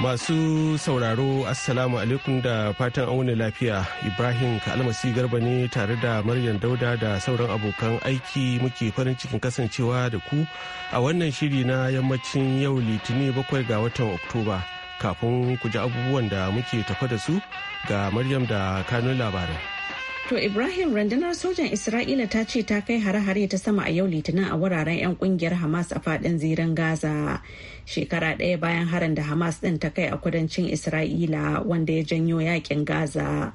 Masu sauraro Assalamu alaikum da fatan auna lafiya Ibrahim Kalmasi Garba ne tare da Maryam Dauda da sauran abokan aiki muke farin cikin kasancewa da ku a wannan shiri na yammacin yau litini bakwai ga watan Oktoba kafin ku ji abubuwan da muke tafa da su ga Maryam da kanun labarai. To Ibrahim rundunar sojan Isra'ila ta ce ta kai hare-hare ta sama a yau litinin a wuraren 'yan kungiyar Hamas a fadin ziran Gaza. Shekara ɗaya bayan harin da Hamas ɗin ta kai a kudancin Isra'ila wanda ya janyo yakin Gaza.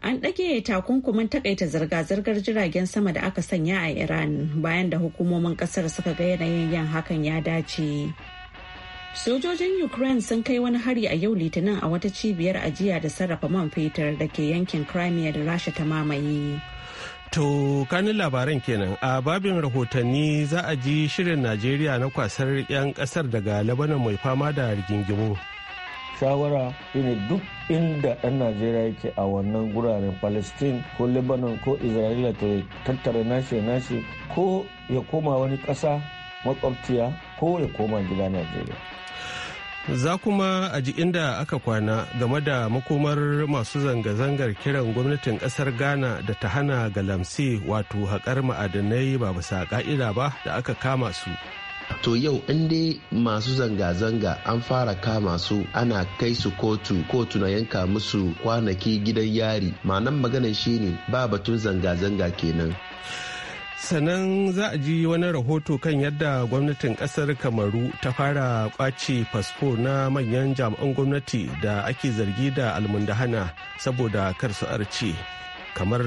An ɗage takunkumin takaita zirga-zirgar jiragen sama da aka sanya a Iran bayan da hukumomin ƙasar suka ga yanayin yin hakan ya dace. Sojojin Ukraine sun kai wani hari a yau Litinin a wata cibiyar ajiya da sarrafa man fetur da ke yankin Crimea da Rasha ta mamaye. To kanin labaran kenan a babin rahotanni za a ji shirin Najeriya na kwasar 'yan kasar daga Labanan mai fama da rigingimu. shawara ne duk inda ɗan najeriya yake a wannan guraren palestine ko lebanon ko isra'ila to tattara nashi nashi ko ya koma wani ƙasa makwabciya ko ya koma gida najeriya Za kuma a ji inda aka kwana game da makomar masu zanga-zangar kiran gwamnatin kasar Ghana da ta hana ga lamsi wato haƙar ma'adanai ba bisa ƙa'ida ba da aka kama su. To yau in dai masu zanga-zanga an fara kama su ana kai su kotu kotu na yanka musu kwanaki gidan yari ma'anan maganar shine ba batun zanga-zanga kenan. sannan za a ji wani rahoto kan yadda gwamnatin kasar kamaru ta fara kwace fasfo na manyan jami'an gwamnati da ake zargi da almundahana saboda kar su arce kamar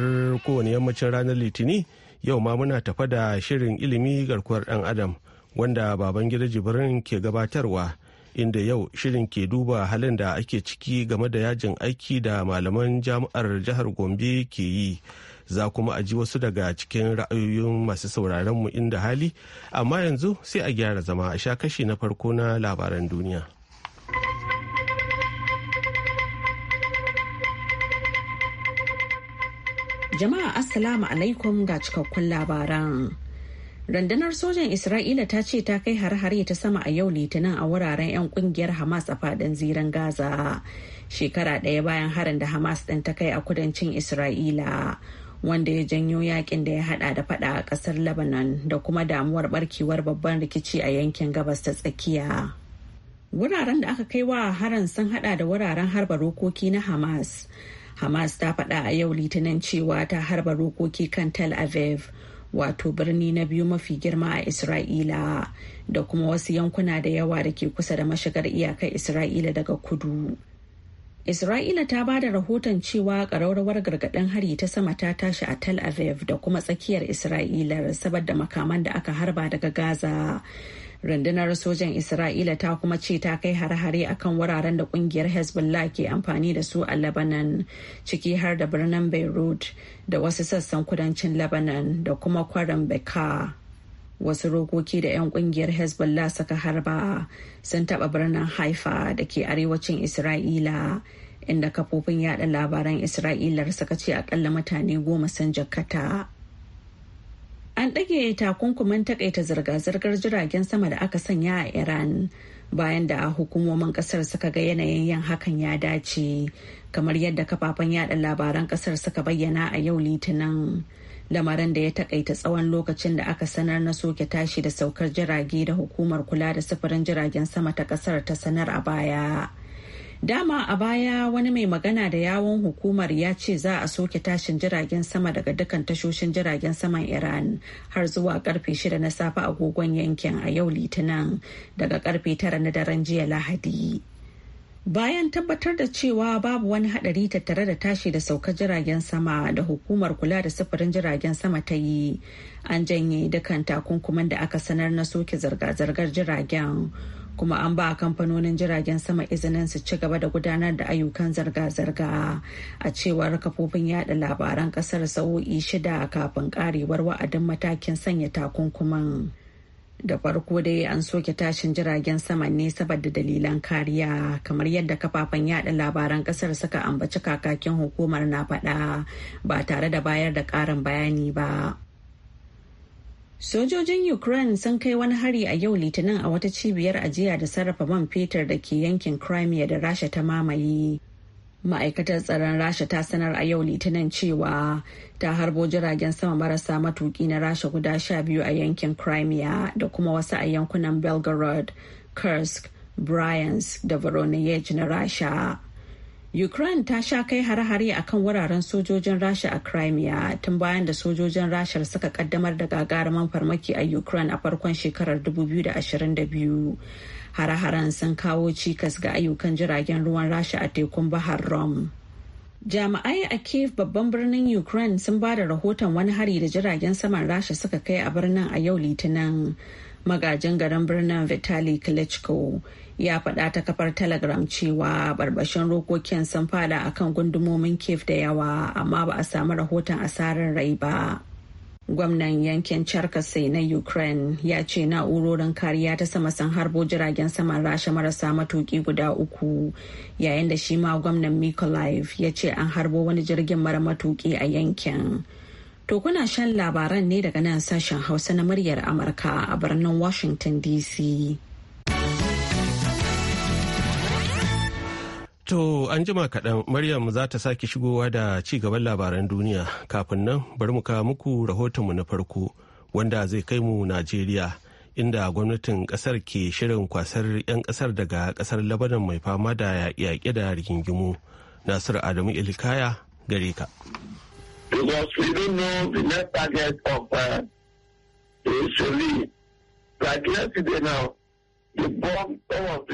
kowane yammacin ranar litini yau ma muna tafa da shirin ilimi garkuwar dan adam wanda baban gida jibrin ke gabatarwa inda yau shirin ke duba halin da ake ciki game da yajin aiki da malaman jami'ar jihar gombe ke yi za kuma a ji wasu daga cikin ra'ayoyin masu sauraron mu inda hali amma yanzu sai a gyara zama a sha kashi na farko na labaran duniya jama'a assalamu alaikum ga cikakkun labaran Rundunar sojan Isra'ila ta ce ta kai har-hare ta sama a yau litinin a wuraren 'yan kungiyar Hamas a fadin ziran Gaza. Shekara ɗaya bayan harin da Hamas ɗin ta kai a kudancin Isra'ila. wanda ya janyo yakin da ya hada da fada a kasar lebanon da kuma damuwar barkewar babban rikici a yankin gabas ta tsakiya wuraren da aka kai wa haran sun hada da wuraren harba rokoki na hamas hamas ta faɗa a yau litinin cewa ta harba rokoki kan tel aviv wato birni na biyu mafi girma a isra'ila da kuma wasu yankuna da yawa da ke kusa da mashigar iyakar isra'ila daga kudu Isra'ila ta ba da rahoton cewa ƙararrawar gargaɗin hari ta sama ta tashi a Tel Aviv da kuma tsakiyar Isra'ila saboda makaman da aka harba daga Gaza. Rundunar sojan Isra'ila ta kuma ce ta kai hare-hare kan wuraren da ƙungiyar Hezbollah ke amfani da su a Lebanon, ciki har da birnin Beirut da wasu sassan kudancin Lebanon da kuma kwarin Bekaa. wasu rokoki da 'yan kungiyar hezbollah suka harba sun taɓa birnin haifa da ke arewacin isra'ila inda kafofin yada labaran isra'ilar suka ce akalla mutane goma sun jakkata an ɗage takunkumin takaita zirga-zirgar jiragen sama da aka sanya a iran bayan da hukumomin kasar suka ga yanayin yin hakan ya dace kamar yadda kafafen yada labaran kasar suka bayyana a yau litinin lamarin da ya takaita tsawon lokacin da aka sanar na soke tashi da saukar jirage da hukumar kula da sufurin jiragen sama ta kasar ta sanar a baya dama a baya wani mai magana da yawon hukumar ya ce za a soke tashin jiragen sama daga dukkan tashoshin jiragen saman iran har zuwa karfe 6 na safe agogon yankin a yau litinin daga karfe 9 na daren jiya lahadi bayan tabbatar da cewa babu wani hadari tattare da tashi da sauka jiragen sama da hukumar kula da sufurin jiragen sama ta yi an janye dukkan takunkuman da aka sanar na soke zirga-zirgar jiragen kuma an ba kamfanonin jiragen sama izinin su ci gaba da gudanar da ayyukan zirga-zirga a cewar kafofin yada labaran kasar sa'o'i shida kafin karewar wa'adin matakin sanya takunkuman. da farko dai an soke tashin jiragen saman ne saboda dalilan kariya kamar yadda kafafen yada labaran kasar suka ambaci kakakin hukumar na faɗa ba tare da bayar da ƙarin bayani ba sojojin ukraine sun kai wani hari a yau litinin a wata cibiyar ajiya da sarrafa man fetur da ke yankin crimea da rasha ta mamaye ma'aikatar tsaron rasha ta sanar a yau litinin cewa ta harbo jiragen sama marasa matuki na rasha guda sha biyu a yankin crimea da kuma wasu a yankunan belgorod kursk bryans da voronezh na rasha ukraine ta sha kai hare-hare a kan wuraren sojojin rasha a crimea tun bayan da sojojin rashar suka kaddamar da gagarumin farmaki a ukraine a farkon shekarar 2022 hare-haren sun kawo cikas ga ayyukan jiragen ruwan rasha a tekun bahar rom jami'ai a kiev babban birnin ukraine sun ba da rahoton wani hari da jiragen saman rasha suka kai a birnin a yau litinin magajin garin birnin vitali klitschko ya faɗa ta kafar telegram cewa barbashin rokokin sun fada akan gundumomin kiev da yawa amma ba a samu rahoton asarar rai ba Gwamnan yankin Cherkasy na Ukraine ya ce na'urorin kariya ta sama sun harbo jiragen saman rasha marasa matuki guda uku yayin da shi ma gwamnan Mykolaiv ya ce an harbo wani jirgin mara matuki a yankin. To kuna shan labaran ne daga nan sashen Hausa na muryar Amurka a birnin Washington DC. To an jima kaɗan Maryam za ta sake shigowa da ci gaban labaran duniya kafin nan bari mu ka muku rahotonmu na farko wanda zai kai mu Najeriya inda gwamnatin ƙasar ke shirin kwasar 'yan ƙasar daga ƙasar labanan mai fama da yaƙe da rigingimu. Nasiru Adamu Ilkaya gare ka. Uh, the bomb, of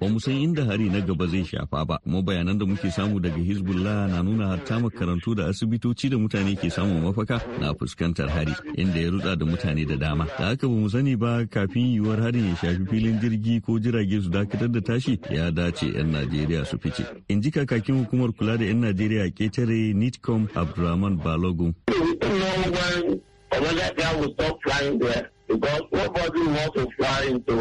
Ba mu san inda hari na gaba zai shafa ba, kuma bayanan da muke samu daga Hezbollah na nuna hatta makarantu da asibitoci da mutane ke samun mafaka na fuskantar hari, inda ya rutsa da mutane da dama. Da haka ba mu sani ba kafin yiwuwar harin ya shafi filin jirgi ko jirage su dakatar da tashi ya dace 'yan Najeriya su fice. In ji kakakin hukumar kula da 'yan Najeriya ketare Nitcom Abdulrahman Balogun. Because nobody wants to fly into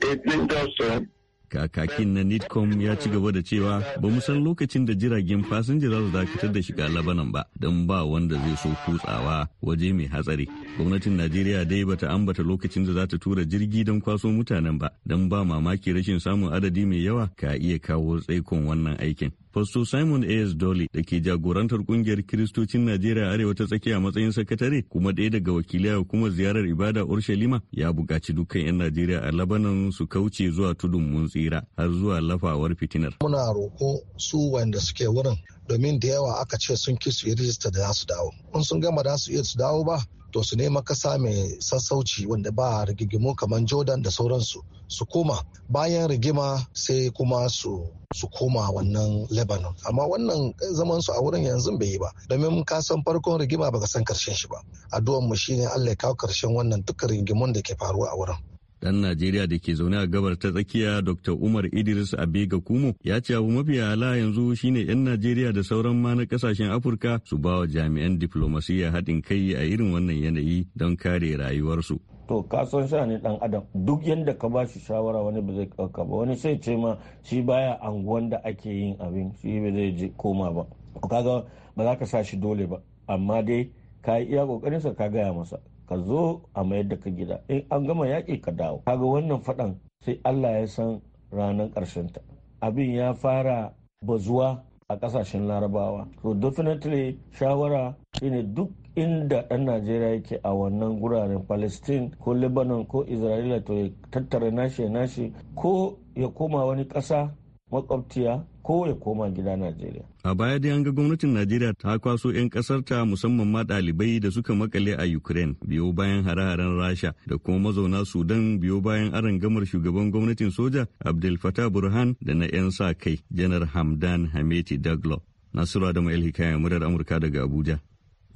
a dangerous zone. Kakakin na Nitcom ya ci gaba da cewa ba mu san lokacin da jiragen fasinja za su dakatar da shiga Labanan ba don ba wanda zai so kutsawa waje mai hatsari. Gwamnatin Najeriya dai bata ambata lokacin da za ta tura jirgi don kwaso mutanen ba don ba mamaki rashin samun adadi mai yawa ka iya kawo tsaikon wannan aikin. Fasto Simon A.S. Dolly da ke jagorantar kungiyar Kiristocin Najeriya Arewa ta tsakiya matsayin sakatare kuma ɗaya daga wakilai hukumar ziyarar ibada Urshalima ya buƙaci dukkan 'yan Najeriya a Labanan su kauce zuwa tudun mun tsira har zuwa lafawar fitinar. Muna roƙo su wanda suke wurin domin da yawa aka ce sun ki su yi rijista da za su dawo. In sun gama da su iya su dawo ba to su nema kasa mai sassauci wanda ba rigigimu kamar jordan da sauransu su koma bayan rigima sai kuma su su koma wannan lebanon amma wannan zaman su a wurin yanzu bai yi ba domin ka san farkon rigima baka san karshen shi ba addu'an mu shine allah ya kawo karshen wannan dukkan rigimun da ke faruwa a wurin dan Najeriya da ke zaune a gabar ta tsakiya Dr. Umar Idris Abega Kumo ya ce abu mafi ala yanzu shine 'yan Najeriya da sauran ma na kasashen Afirka su ba wa jami'an diflomasiyya haɗin kai a irin wannan yanayi don kare rayuwarsu. To ka san sha ne dan adam duk yanda ka bashi shawara wani ba zai ɗauka ba wani sai ce ma shi baya anguwan da ake yin abin shi ba zai je koma ba. Kaga ba za ka sa shi dole ba amma dai ka yi iya kokarin sa ka gaya masa ka zo a mayar da ka gida in an gama yaƙi ka dawo kaga wannan faɗan sai Allah ya san ranar ƙarshen ta abin ya fara bazuwa a ƙasashen larabawa so definitely shawara shine duk inda ɗan najeriya yake a wannan guraren palestine ko lebanon ko isra'ila to ya tattara nashi nashi ko ya koma wani ƙasa makwabciya ko ya koma gida Najeriya. A baya dai an ga gwamnatin Najeriya ta kwaso 'yan ƙasarta musamman ma ɗalibai da suka makale a Ukraine biyo bayan hare-haren Rasha da kuma mazauna Sudan biyo bayan aron gamar shugaban gwamnatin soja Abdel Fattah Burhan da na 'yan sa kai Janar Hamdan Hameti Daglo. Nasiru Adamu El Hikaya murar Amurka daga Abuja,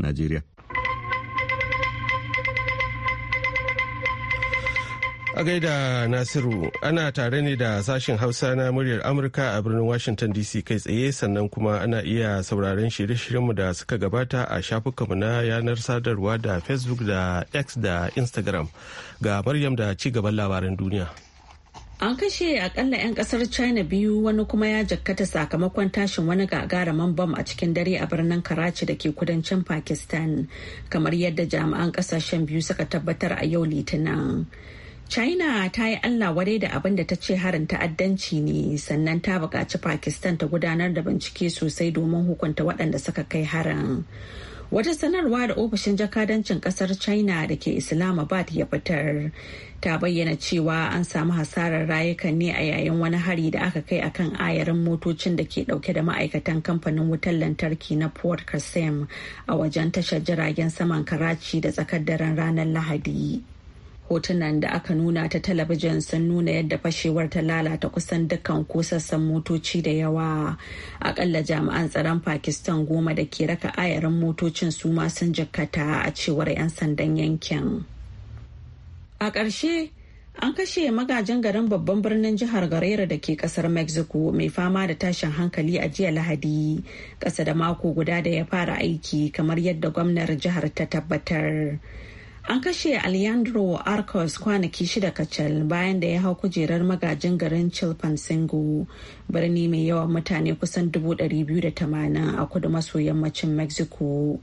Najeriya. A gaida Nasiru ana tare ne da sashen Hausa na muryar Amurka a birnin Washington DC kai tsaye sannan kuma ana iya sauraren shirye-shiryenmu da suka gabata a shafukanmu na yanar sadarwa da Facebook da X da Instagram ga Maryam da ci gaban labaran duniya. An kashe akalla 'yan kasar China biyu wani kuma ya jakkata sakamakon tashin wani gagaraman bom a cikin dare a birnin Karachi da ke kudancin Pakistan kamar yadda jami'an kasashen biyu suka tabbatar a yau Litinin. China ta yi Allah wadai da abin da ta ce harin ta'addanci ne sannan ta buƙaci Pakistan ta gudanar da bincike sosai domin hukunta waɗanda suka kai harin. Wata sanarwa da ofishin jakadancin ƙasar China da ke Islamabad ya fitar ta bayyana cewa an samu hasarar rayukan ne a yayin wani hari da aka kai akan ayarin motocin da ke dauke da ma'aikatan kamfanin wutar lantarki na Port Qasem a wajen tashar jiragen saman Karachi da tsakar daren ranar Lahadi. hotunan da aka nuna ta talabijin sun nuna yadda fashewar ta lalata kusan dukkan ko sassan motoci da yawa akalla jami'an tsaron pakistan goma da ke raka ayarin motocin su ma sun jikkata a cewar 'yan sandan yankin a ƙarshe an kashe magajin garin babban birnin jihar Guerrero da ke kasar mexico mai fama da tashin hankali a jiya lahadi ƙasa da mako guda da ya fara aiki kamar yadda gwamnar jihar ta tabbatar An kashe Alejandro Arcos kwanaki shida kacal bayan da ya hau kujerar magajin garin Chilpan Chilpancingo, birni mai yawan mutane kusan 280 a kudu maso yammacin Mexico.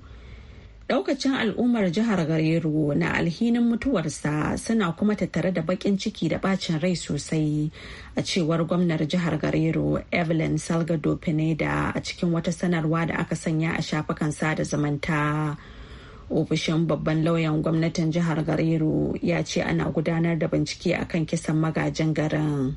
Daukacin al'ummar jihar Guerrero na alhinin mutuwarsa suna kuma tattare da bakin ciki da bacin rai sosai a cewar gwamnar jihar Guerrero Evelyn Salgado Pineda a cikin wata sanarwa da aka sanya a shafukan sada zamanta. ofishin babban lauyan gwamnatin jihar Gariru ya ce ana gudanar da bincike a kan kisan magajin garin.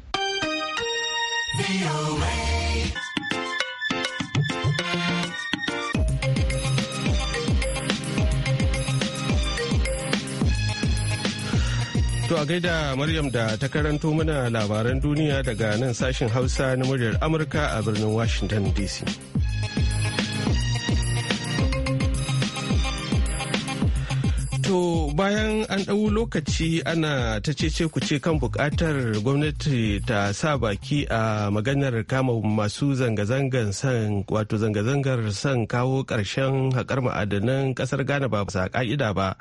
To a gaida Maryam da ta karanto mana labaran duniya daga nan sashin Hausa na muryar Amurka a birnin Washington DC. bayan an ɗau lokaci ana ta cece ku ce kan buƙatar gwamnati ta sa baki a maganar kama masu zanga-zangar san wato zanga-zangar san kawo ƙarshen haƙar ma'adanan ƙasar ghana ba bisa ƙa'ida ba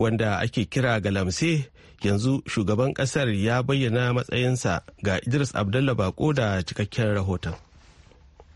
wanda ake kira galamse yanzu shugaban ƙasar ya bayyana matsayinsa ga idris abdullah bako da cikakken rahoton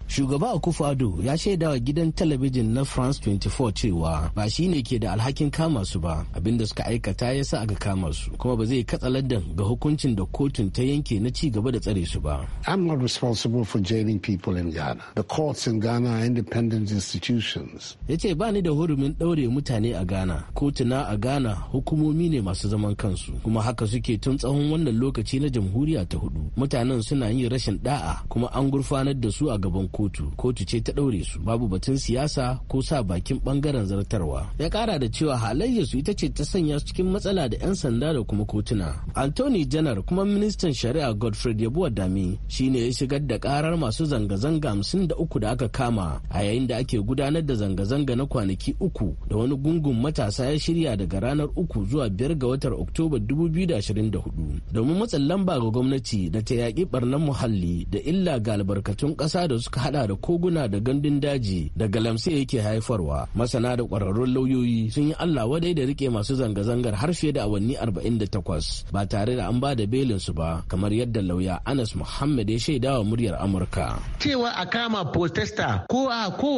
Shugaba Akufo ado ya shaida wa gidan talabijin na France 24 cewa ba shi ne ke da alhakin kama su ba abinda suka aikata ya sa aka kama su kuma ba zai katsalandan ga hukuncin da kotun ta yanke na ci gaba da tsare su ba. I'm not responsible for jailing people in Ghana. The courts in Ghana are independent institutions. Ya ce ba ni da hurumin ɗaure mutane a Ghana. Kotuna a Ghana hukumomi ne masu zaman kansu kuma haka suke tun tsawon wannan lokaci na jamhuriya ta hudu. Mutanen suna yin rashin da'a kuma an gurfanar da su a gaban kotu kotu ce ta ɗaure su babu batun siyasa ko sa bakin ɓangaren zartarwa ya ƙara da cewa halayya su ita ce ta sanya su cikin matsala da 'yan sanda da kuma kotuna anthony janar kuma ministan shari'a godfred yabuwa dami shine ya shigar da karar masu zanga-zanga hamsin da uku da aka kama a yayin da ake gudanar da zanga-zanga na kwanaki uku da wani gungun matasa ya shirya daga ranar uku zuwa biyar ga watan oktoba 2024 domin matsin lamba ga gwamnati da ta yaƙi barnan muhalli da illa ga albarkatun ƙasa da suka hada da koguna da gandun daji da galamse yake haifarwa masana da kwararrun lauyoyi sun yi allah wadai da rike masu zanga-zangar har fiye da awanni 48 ba tare da an ba da belin su ba kamar yadda lauya anas muhammad ya shaida wa muryar amurka cewa a kama protesta ko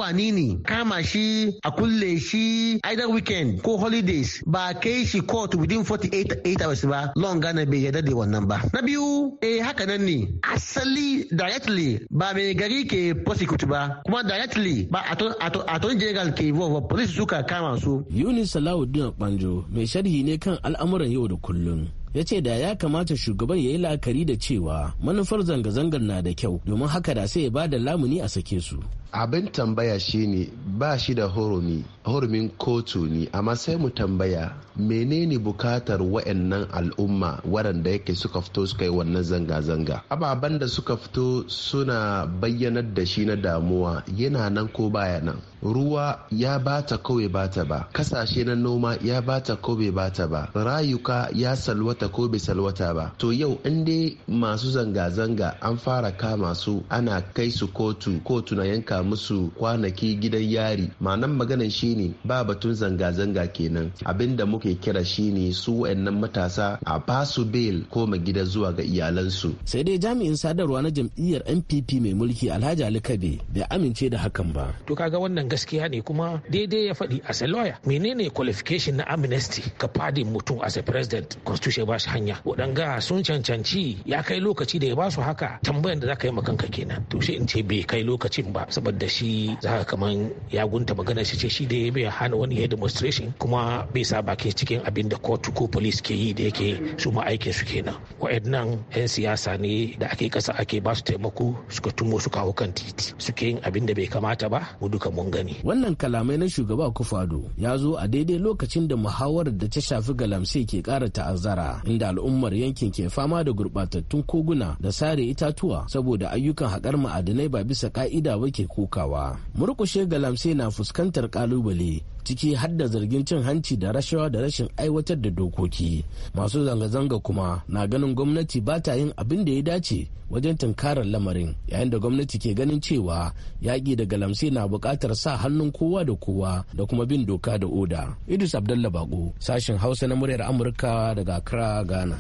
a ni ne kama shi a kulle shi either weekend ko holidays ba kai shi court within 48 hours ba long gana bai yarda da wannan ba na biyu eh haka nan ne asali directly ba mai gari ke prosecute ba kuma directly ba attorney general ke involve police suka kama su Yunus Salahuddin Akpanjo mai sharhi ne kan al'amuran yau da kullum ya ce da ya kamata shugaban ya yi la'akari da cewa manufar zanga-zangar na da kyau domin haka da sai ya ba da lamuni a sake su abin tambaya shine ba shi da hurumi hurumin kotu ne amma sai mu tambaya menene bukatar wa'annan al'umma waɗanda yake suka fito suka yi wannan zanga-zanga ababen da suka fito suna bayyanar da shi na damuwa yana nan ko baya nan ruwa ya bata kawai bata ba kasashe na noma ya bata ko bata ba rayuka ya salwata ko bai salwata ba to yau in dai masu zanga-zanga an fara kama su ana kai su kotu kotu na yanka musu kwanaki gidan yari ma'anan maganan shine ba batun zanga-zanga kenan abinda muke kira shine su wayannan matasa a basu bail ko gida zuwa ga iyalansu sai dai jami'in sadarwa na jam'iyyar npp mai mulki alhaji ali kabe bai amince da hakan ba to kaga wannan gaskiya ne kuma daidai ya faɗi as a lawyer menene qualification na amnesty ka fadi mutum as a president constitution ba shi hanya waɗanga sun cancanci ya kai lokaci da ya ba su haka tambayan da za ka yi ma kanka kenan to shi in ce bai kai lokacin ba da shi za ka kaman ya gunta magana shi ce shi da ya bai hana wani ya demonstration kuma bai sa baki cikin abin da kotu ko police ke yi da yake su ma aikin su kenan wa'annan yan siyasa ne da ake kasa ake ba su taimako suka tumo su kawo kan titi suke yin abin da bai kamata ba mu duka mun gani wannan kalamai na shugaba kufado ya zo a daidai lokacin da muhawarar da ta shafi galamsey ke kara ta'azzara inda al'ummar yankin ke fama da gurbatattun koguna da sare itatuwa saboda ayyukan haƙar ma'adinai ba bisa ka'ida ba ke kokawa murkushe galamse na fuskantar kalubale ciki har da zargin cin hanci da rashawa da rashin aiwatar da dokoki masu zanga-zanga kuma na ganin gwamnati ba ta yin abin da ya dace wajen tunkarar lamarin yayin da gwamnati ke ganin cewa yaƙi da galamse na buƙatar sa hannun kowa da kowa da kuma bin doka da oda idris abdallah bako sashen hausa na muryar amurka daga accra ghana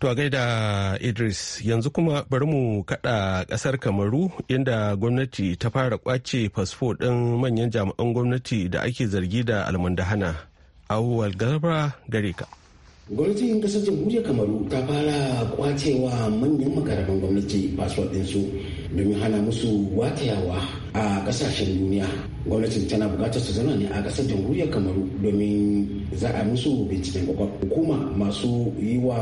To a gaida Idris yanzu kuma bari mu kada kasar Kamaru inda gwamnati ta fara kwace fasfo ɗin manyan jami'an gwamnati da ake zargi da almundahana. Awuwal Galbra gare ka. gwamnatin kasar jamhuriyar kamaru ta fara kwacewa manyan makarantun gwamnati fasuwar ɗinsu domin hana musu watayawa a ƙasashen duniya gwamnati tana buƙatar su zama ne a ƙasar jamhuriyar kamaru domin za a musu binciken kwakwar hukuma masu yi wa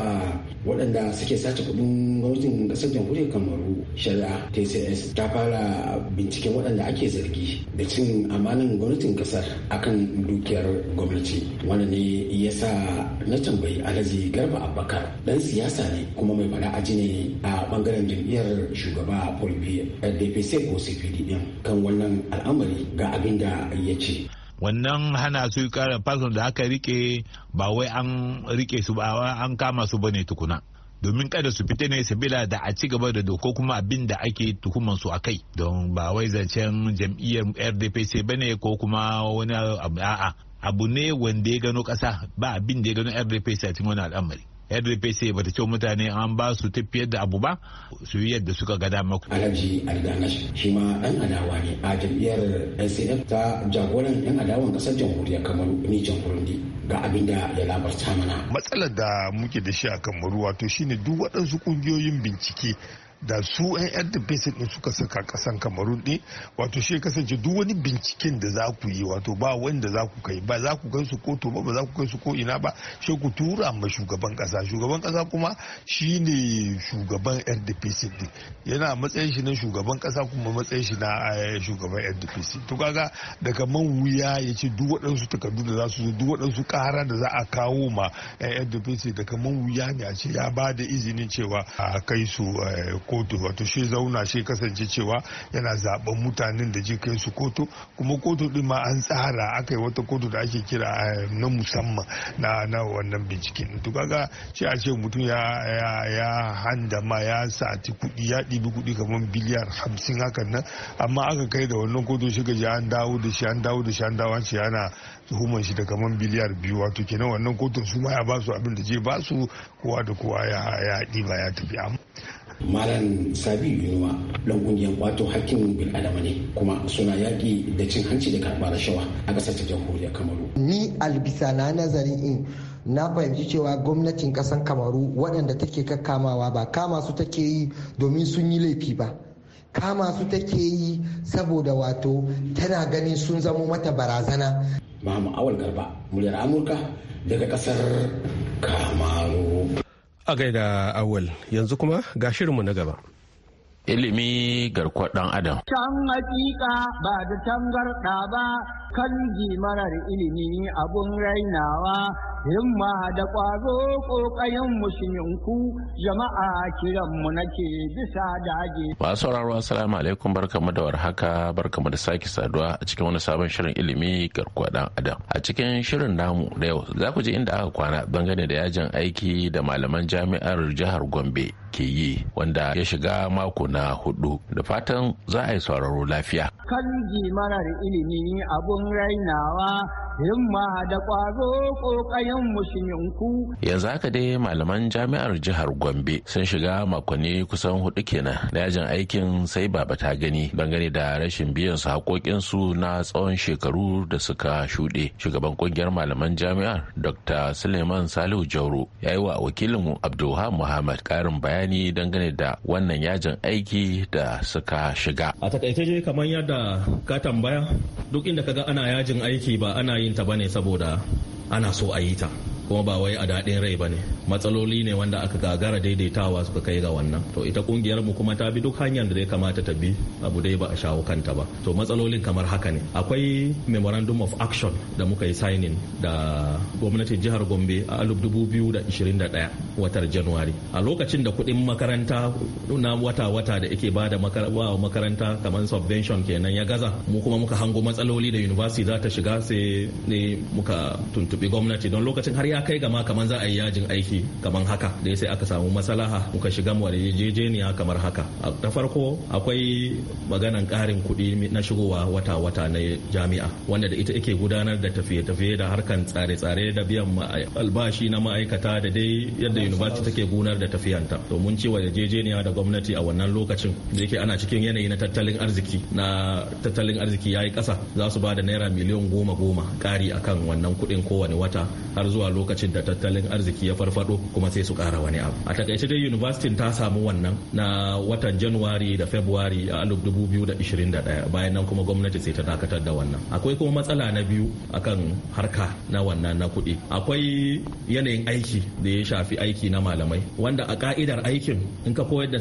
waɗanda suke sace kuɗin gwamnatin ƙasar jamhuriyar kamaru shari'a tcs ta fara binciken waɗanda ake zargi da cin amanin gwamnatin ƙasar akan dukiyar gwamnati wanda ne ya sa na tambayi marigayi alhaji garba abubakar dan siyasa ne kuma mai fara aji ne a bangaren jam'iyyar shugaba paul biya dpc ko cpd din kan wannan al'amari ga abin da ya ce wannan hana su kara fason da aka rike ba wai an rike su ba an kama su bane tukuna domin kada su fita ne sabila da a ci gaba da doko kuma abin da ake tuhuman su a kai don ba wai zancen jam'iyyar rdpc bane ko kuma wani a'a abu ne wanda ya gano kasa ba abin da ya gano rdpc a cikin wani al'amari rdpc ba ta ce mutane an ba su tafiyar da abu ba su yi yadda suka ga dama alhaji alganash shi ma dan adawa ne a jam'iyyar ncf ta jagoran yan adawan kasar jamhuriyar kamaru ni jamhuriyar ga abin da ya labarta mana matsalar da muke da shi a kamaru wato shine duk waɗansu ƙungiyoyin bincike da su 'yan advocacy ne suka saka kasan kamarun ne wato shi kasance duk wani binciken da za ku yi wato ba wanda za ku kai ba za ku kai su ko ba ba za ku kai su ko ina ba shi ku tura ma shugaban kasa shugaban kasa kuma shine shugaban advocacy ne yana matsayin shi na shugaban kasa kuma matsayin shi na eh, shugaban advocacy to kaga daga man wuya ya ce duk waɗansu takardu da za su zo duk waɗansu kara da za a kawo ma advocacy daga man wuya ne a ce ya ba da izinin cewa a kai su eh, kotu wato shi zauna shi kasance cewa yana zaben mutanen da ji su kotu kuma kotu din ma an tsara aka yi wata kotu da ake kira eh, na musamman na na wannan binciken to kaga shi a ce mutum ya ya handa ma ya sati kuɗi ya ɗibi kuɗi kamar biliyar hamsin hakan nan amma aka kai da wannan kotu shi ga an dawo da shi an dawo da shi an dawo shi yana tuhuman shi da kamar biliyar biyu wato kenan wannan kotun su ma ya basu abin da je basu su kowa da kowa ya ɗiba ya tafi amma. malam sabi yunwa don kungiyar kwato hakkin bil adama ne kuma suna yaƙi da cin hanci da karɓar rashawa a ƙasar ta jamhuriyar kamaru ni albisa na nazarin in na fahimci cewa gwamnatin ƙasar kamaru waɗanda take kamawa ba kama su take yi domin sun yi laifi ba kama su take yi saboda wato tana ganin sun zamo mata barazana Mamu Awal Garba, muryar Amurka daga ƙasar Kamaru. A gaida awal yanzu kuma ga shirinmu na gaba. ilimi garkuwar ɗan adam. Can hakika ba da tangarɗa ba kan marar ilimi abun rainawa himma da ƙwazo ƙoƙayen musulminku jama'a Kiran mu nake bisa dage. Masu sauraro assalamu alaikum barkamu da warhaka barkamu da sake saduwa a cikin wani sabon shirin ilimi garkuwar ɗan adam. A cikin shirin namu da yau za ku ji inda aka kwana dangane da yajin aiki da malaman jami'ar jihar Gombe ke yi wanda ya shiga mako na na hudu da fatan za a yi sauraro lafiya. Kan marar ilimi abun rainawa himma da ƙwazo ƙoƙayen musulminku. Yanzu haka dai malaman jami'ar jihar Gombe sun shiga makonni kusan hudu kenan da yajin aikin sai baba ta gani dangane da rashin biyan su haƙoƙinsu na tsawon shekaru da suka shuɗe. Shugaban ƙungiyar malaman jami'ar Dr. Suleiman Salihu Jauro ya yi wa wakilinmu Abdulhamid Muhammad ƙarin bayani dangane da wannan yajin aiki jirgi da suka shiga a takaice dai kamar yadda ka tambaya duk inda kaga ana yajin aiki ba ana yin ta bane saboda ana so a yi ta kuma ba wai a daɗin rai ba ne matsaloli ne wanda aka gagara daidaitawa suka kai ga wannan to ita kungiyar mu kuma ta bi duk hanyar da ya kamata ta bi abu dai ba a shawo kanta ba to matsalolin kamar haka ne akwai memorandum of action da muka yi signing da gwamnatin jihar gombe a 2021 watar januari a lokacin da kuɗin makaranta na wata-wata da ake ba da makaranta kamar subvention kenan ya gaza mu kuma muka hango matsaloli da university za ta shiga sai ne muka tuntubi gwamnati don lokacin har ya ya kai gama kamar za a yi yajin aiki kamar haka da sai aka samu masalaha muka shiga yarjejeniya kamar haka ta farko akwai maganan karin kuɗi na shigowa wata-wata na jami'a wanda da ita ake gudanar da tafiye-tafiye da harkan tsare-tsare da biyan albashi na ma'aikata da dai yadda university take gunar da tafiyanta domin cewa yarjejeniya da gwamnati a wannan lokacin da yake ana cikin yanayi na tattalin arziki na tattalin arziki yayi yi ƙasa za su ba da naira miliyan goma goma ƙari akan wannan kuɗin kowane wata har zuwa lokacin lokacin da tattalin arziki ya farfado kuma sai su kara wani abu a takaice dai university ta samu wannan na watan januwari da february a 2021 bayan nan kuma gwamnati sai ta dakatar da wannan akwai kuma matsala na biyu akan harka na wannan na kuɗi akwai yanayin aiki da ya shafi aiki na malamai wanda a ka'idar aikin in ka koyar da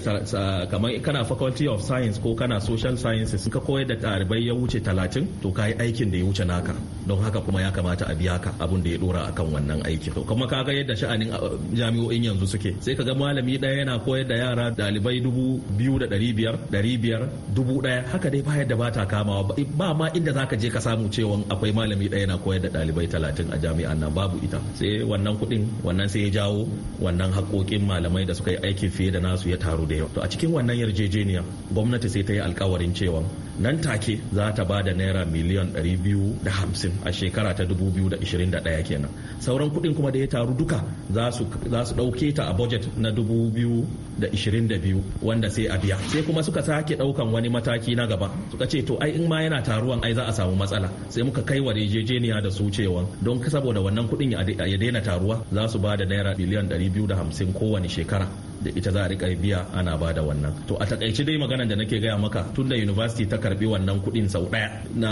kamar kana faculty of science ko kana social sciences in ka koyar da ɗalibai ya wuce talatin to ka yi aikin da ya wuce naka don haka kuma ya kamata a biya ka abin da ya dora akan wannan aiki aiki to kuma kaga yadda sha'anin uh, jami'o'in yanzu suke sai kaga malami ɗaya yana koyar da yara dalibai dubu biyu da ɗari biyar ɗari biyar dubu ɗaya haka dai bayar da ba ta kamawa ba ma inda zaka je ka samu cewa akwai malami ɗaya yana koyar da ɗalibai talatin a jami'an nan babu ita sai wannan kuɗin wannan sai ya jawo wannan haƙoƙin malamai da suka yi aikin fiye da nasu ya taru da yawa to a cikin wannan yarjejeniya gwamnati sai ta yi alkawarin cewa nan take za ta ba da naira miliyan 250 a shekara ta 2021 kenan sauran kuɗin kuma da ya taru duka za su ɗauke ta a budget na 2022 wanda sai a biya sai kuma suka sake ɗaukan wani mataki na gaba suka ce to ai in ma yana taruwan ai za a samu matsala sai muka kai wa yarjejeniya da su cewa don saboda wannan kuɗin ya daina taruwa za su ba da naira biliyan 250 kowane shekara da ita za a rika biya ana ba da wannan to a takaice dai maganar da nake gaya maka tunda university ta karbi wannan kuɗin sau ɗaya na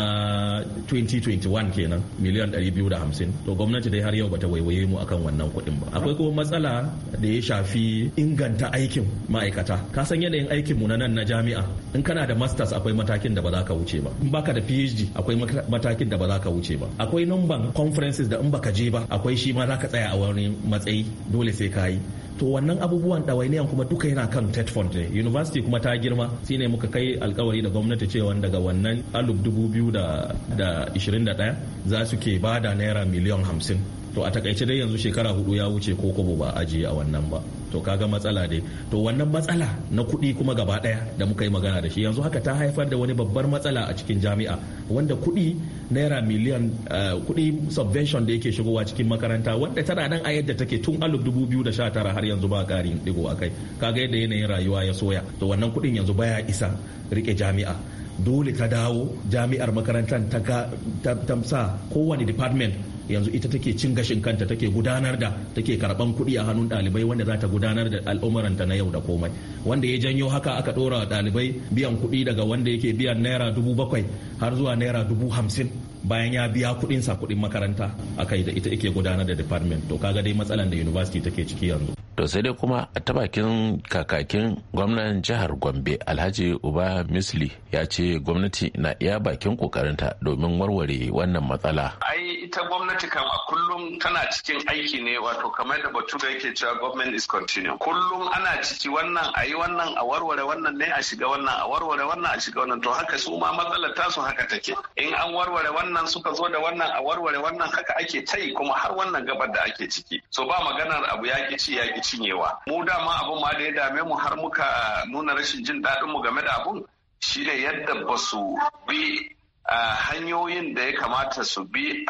2021 kenan miliyan 250 to gwamnati dai har yau bata waiwaye mu akan wannan kuɗin ba akwai kuma matsala da ya shafi inganta aikin ma'aikata ka san yanayin aikin mu na nan na jami'a in kana da masters akwai matakin da ba za ka wuce ba in baka da phd akwai matakin da ba za ka wuce ba akwai numban conferences da in baka je ba akwai shi ma za ka tsaya a wani matsayi dole sai ka yi to wannan abubuwan ɗawainiyan kuma duka yana kan tet fund ne university kuma ta girma shine muka kai alkawari da gwamnati cewa daga wannan aluf dubu biyu da ishirin da ɗaya za su ke bada naira miliyan hamsin to a takaice dai yanzu shekara hudu ya wuce ko kobo ba ajiye a wannan ba to kaga matsala dai to wannan matsala na kuɗi kuma gaba ɗaya da muka yi magana da shi yanzu haka ta haifar da wani babbar matsala a cikin jami'a wanda kuɗi naira miliyan eh, kuɗi subvention da yake shigowa cikin makaranta wanda tana nan a yadda take tun alif dubu biyu da sha tara har yanzu ba ƙarin digo a kai kaga yadda yanayin rayuwa ya soya to wannan kuɗin yanzu baya isa rike jami'a dole ta dawo jami'ar makarantar ta sa kowane department yanzu ita take cin gashin kanta take gudanar da take karban kuɗi a hannun ɗalibai wanda za ta gudanar da al'umuranta na yau da komai wanda ya janyo haka aka ɗora ɗalibai biyan kuɗi daga wanda yake biyan naira dubu bakwai har zuwa naira dubu hamsin bayan ya biya kuɗin sa kuɗin makaranta akai da ita yake gudanar da department to kaga dai matsalan da university take ciki yanzu to sai dai kuma a tabakin kakakin gwamnan jihar gombe alhaji uba misli ya ce gwamnati na iya bakin kokarinta domin warware wannan matsala ai ita gwamnati kan a kullum tana cikin aiki ne wato kamar da da yake cewa government is continuing kullum ana ciki wannan a yi wannan a warware wannan ne a shiga wannan a warware wannan a shiga wannan to haka su ma matsalar tasu haka take in an warware wannan suka zo da wannan a warware wannan haka ake ta yi kuma har wannan gabar da ake ciki so ba maganar abu ya ci ya ci cinyewa mu dama abin ma da ya dame mu har muka nuna rashin jin daɗin mu game da abun shine yadda ba su bi hanyoyin da ya kamata su bi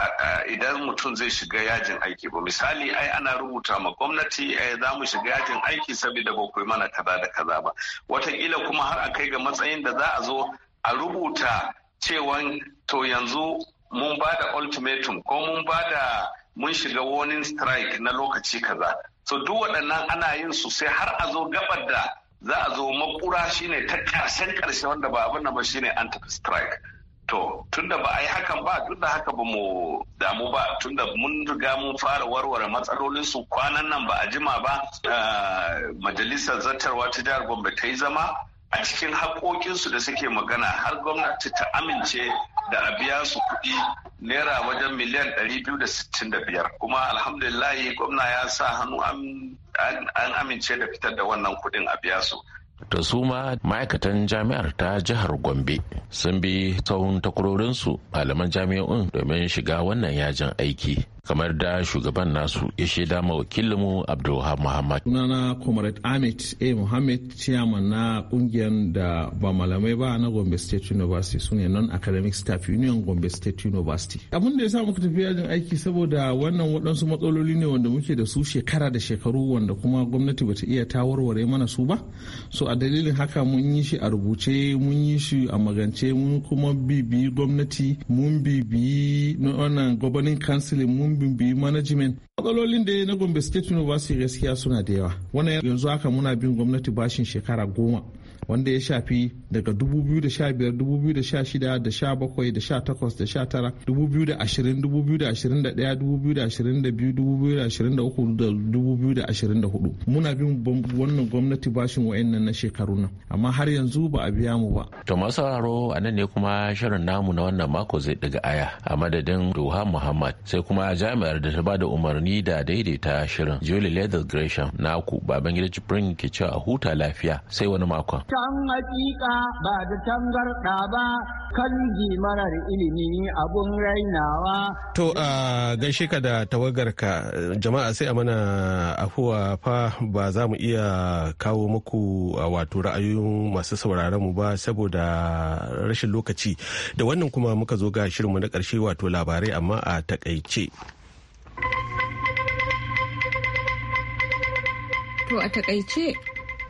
idan mutum zai shiga yajin aiki ba misali ai ana rubuta ma gwamnati eh, za mu shiga yajin aiki saboda ba ku mana kaza da kaza ba Wataƙila kuma har a kai ga matsayin da za a zo a rubuta cewan to yanzu mun ba da ultimatum ko mun ba da mun shiga warning strike na lokaci kaza so duk waɗannan ana yin su sai har a zo gabar da za a zo makura shine ta karshen karshe wanda ba abin ba shine an tafi strike to tunda ba a yi hakan ba tunda haka ba mu damu ba tunda mun riga mun fara warware matsalolin su kwanan nan ba a jima ba eh, majalisar zartarwa ta jihar gombe ta yi zama a cikin haƙoƙinsu da suke magana har gwamnati ta amince da a biya su kuɗi naira wajen miliyan 265 kuma alhamdulillahi gwamna ya sa hannu an amince da fitar da wannan kuɗin a biya su da su ma ma'aikatan jami'ar ta jihar gombe sun bi tsawon takwarorinsu malaman Jami'un, domin shiga wannan yajin aiki kamar da shugaban nasu ya shaida ma wakilinmu abdulwahab muhammad sunana comrade ahmed a muhammad chairman na kungiyar da ba malamai ba na gombe state university sune non academic staff union gombe state university abin da ya sa muka tafi yajin aiki saboda wannan waɗansu matsaloli ne wanda muke da su shekara da shekaru wanda kuma gwamnati bata iya ta warware mana su ba so a dalilin haka mun yi shi a rubuce mun yi shi a magance mun kuma bibiyi gwamnati mun bibiyi wannan governing council mun mun bimbi management matsalolin da na gombe state university gaskiya suna da yawa wannan yanzu haka muna bin gwamnati bashin shekara goma wanda ya shafi daga 2015 2016 da 17 da 18 da 19 2020 2021 2022 2023 da 2024 muna bin wannan gwamnati bashin wa'annan na shekaru nan amma har yanzu ba a biya mu ba to masu sauraro a nan ne kuma shirin namu na wannan mako zai daga aya a madadin Doha Muhammad sai kuma jami'ar da ta ba da umarni da daidaita shirin Julie Leather Gresham na ku baban gida ke cewa a huta lafiya sai wani makon. can hakika ba da tangarɗa ba kan marar ilimi abun rainawa. To a gaishe ka da tawagarka jama'a sai a mana afuwa fa ba za mu iya kawo muku wato ra'ayoyin masu sauraron mu ba saboda rashin lokaci da wannan kuma muka zo ga shirinmu na ƙarshe wato labarai amma a takaice. To a takaice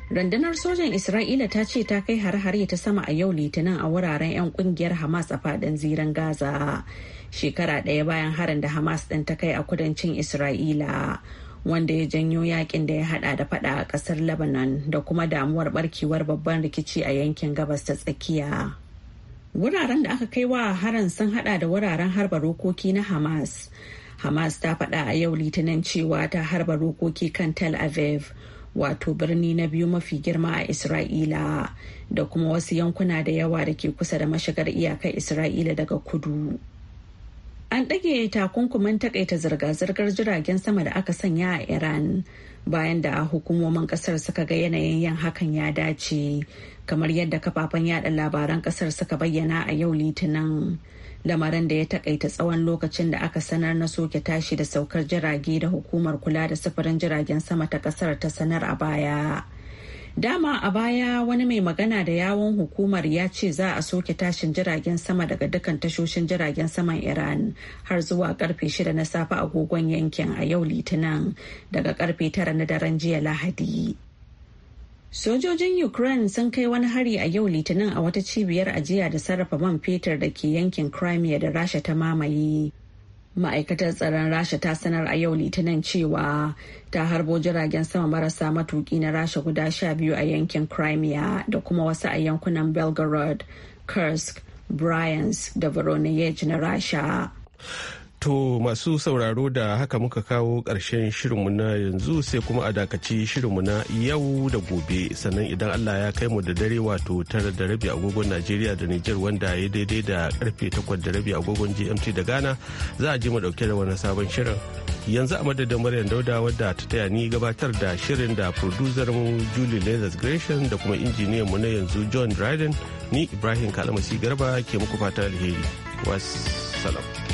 Rundunar sojan Isra'ila ta ce ta kai har-hare ta sama a yau Litinin a wuraren 'yan kungiyar Hamas a faɗin ziran Gaza. Shekara ɗaya bayan harin da Hamas ɗin ta kai a kudancin Isra'ila. wanda ya janyo yakin da ya hada da fada a ƙasar lebanon da kuma damuwar barkewar babban rikici a yankin gabas ta tsakiya wuraren da aka kai wa haran sun hada da wuraren harba rokoki na hamas hamas ta faɗa a yau litinin cewa ta harba rokoki kan tel aviv wato birni na biyu mafi girma a isra'ila da kuma wasu yankuna da yawa da ke kusa da mashigar iyakar isra'ila daga kudu an ɗage takunkumin takaita zirga-zirgar jiragen sama da aka sanya a iran bayan da hukumomin kasar suka ga yanayin yin hakan ya dace kamar yadda kafafen yada labaran kasar suka bayyana a yau litinin lamarin da ya takaita tsawon lokacin da aka sanar na soke tashi da saukar jirage da hukumar kula da sufurin jiragen sama ta kasar ta sanar a baya dama a baya wani mai magana da yawon hukumar ya ce za a soke tashin jiragen sama daga dukkan tashoshin jiragen saman iran har zuwa karfe 6 na safe agogon yankin a yau litinin daga karfe 9 na daren jiya lahadi Sojojin Ukraine sun kai wani hari a yau Litinin a wata cibiyar ajiya da sarrafa man fetur da ke yankin Crimea da Rasha ta mamaye. Ma'aikatar tsaron Rasha ta sanar a yau Litinin cewa ta harbo jiragen sama marasa matuki na Rasha guda sha biyu a yankin Crimea da kuma wasu a yankunan Belgorod, Kursk, Bryansk da Voronezh na Rasha. To masu sauraro da haka muka kawo ƙarshen shirinmu na yanzu sai kuma a dakaci shirinmu na yau da gobe sannan idan Allah ya kai mu da dare wato tara da rabi agogon Najeriya da Nijar wanda ya daidai da karfe takwas da rabi agogon GMT da Ghana za a ji mu dauke da wani sabon shirin. Yanzu a madadin Maryam Dauda wadda ta taya ni gabatar da shirin da producer mu Julie Lazarus Gresham da kuma injiniyan mu na yanzu John Dryden ni Ibrahim Kalamasi Garba ke muku fata alheri. Wassalam.